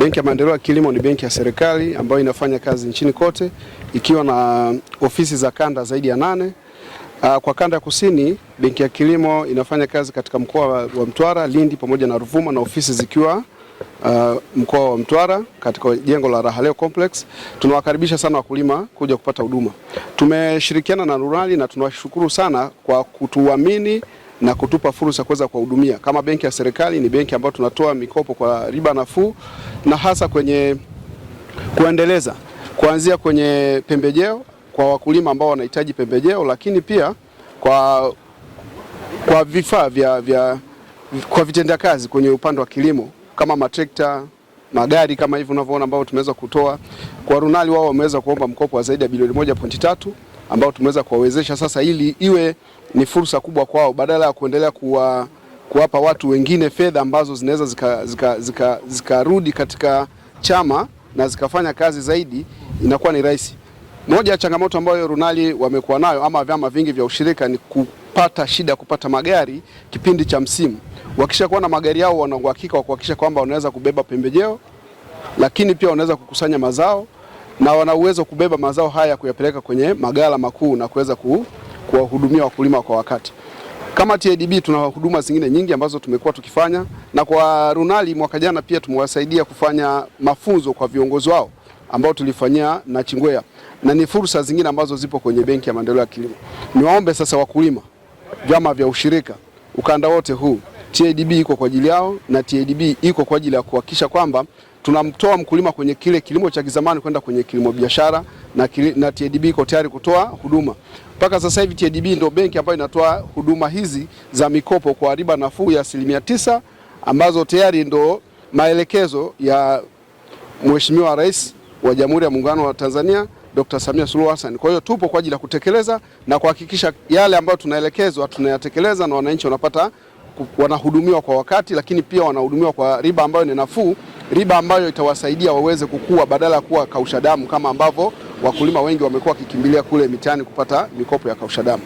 Benki ya Maendeleo ya Kilimo ni benki ya serikali ambayo inafanya kazi nchini kote ikiwa na ofisi za kanda zaidi ya nane. Ah, kwa kanda ya kusini, benki ya kilimo inafanya kazi katika mkoa wa Mtwara, Lindi pamoja na Ruvuma na ofisi zikiwa Uh, mkoa wa Mtwara katika jengo la Rahaleo Complex. Tunawakaribisha sana wakulima kuja kupata huduma. Tumeshirikiana na Rurali na tunawashukuru sana kwa kutuamini na kutupa fursa kuweza kuwahudumia. Kama benki ya serikali, ni benki ambayo tunatoa mikopo kwa riba nafuu, na hasa kwenye kuendeleza kuanzia kwenye pembejeo kwa wakulima ambao wanahitaji pembejeo, lakini pia kwa, kwa vifaa vya, vya kwa vitenda kazi kwenye upande wa kilimo kama matrekta magari kama hivi unavyoona ambao tumeweza kutoa kwa runali. Wao wameweza kuomba mkopo wa zaidi ya bilioni moja pointi tatu ambao tumeweza kuwawezesha sasa, ili iwe ni fursa kubwa kwao, badala ya kuendelea kuwa, kuwapa watu wengine fedha ambazo zinaweza zikarudi zika, zika, zika katika chama na zikafanya kazi zaidi, inakuwa ni rahisi. Moja ya changamoto ambayo Runali wamekuwa nayo ama vyama vingi vya ushirika ni kupata shida kupata magari kipindi cha msimu. kuwa na magari yao, wana uhakika wa kuhakikisha kwamba wanaweza kubeba pembejeo, lakini pia wanaweza kukusanya mazao na wana uwezo kubeba mazao haya kuyapeleka kwenye magala makuu na kuweza kuwahudumia wakulima kwa wakati. Kama TADB tuna huduma zingine nyingi ambazo tumekuwa tukifanya, na kwa Runali mwaka jana pia tumewasaidia kufanya mafunzo kwa viongozi wao ambao tulifanyia Nachingwea, na ni fursa zingine ambazo zipo kwenye Benki ya Maendeleo ya Kilimo. Niwaombe sasa wakulima, vyama vya ushirika, ukanda wote huu, TADB iko kwa ajili yao na TADB iko kwa ajili ya kuhakikisha kwamba tunamtoa mkulima kwenye kile kilimo cha kizamani kwenda kwenye kilimo biashara na, na TADB iko tayari kutoa huduma. Mpaka sasa hivi TADB ndio benki ambayo inatoa huduma hizi za mikopo kwa riba nafuu ya asilimia tisa ambazo tayari ndo maelekezo ya Mheshimiwa Rais wa Jamhuri ya Muungano wa Tanzania Dr. Samia Suluhu Hassan. Kwa hiyo tupo kwa ajili ya kutekeleza na kuhakikisha yale ambayo tunaelekezwa tunayatekeleza na wananchi wanapata wanahudumiwa kwa wakati, lakini pia wanahudumiwa kwa riba ambayo ni nafuu riba ambayo itawasaidia waweze kukua badala ya kuwa kausha damu kama ambavyo wakulima wengi wamekuwa wakikimbilia kule mitaani kupata mikopo ya kausha damu.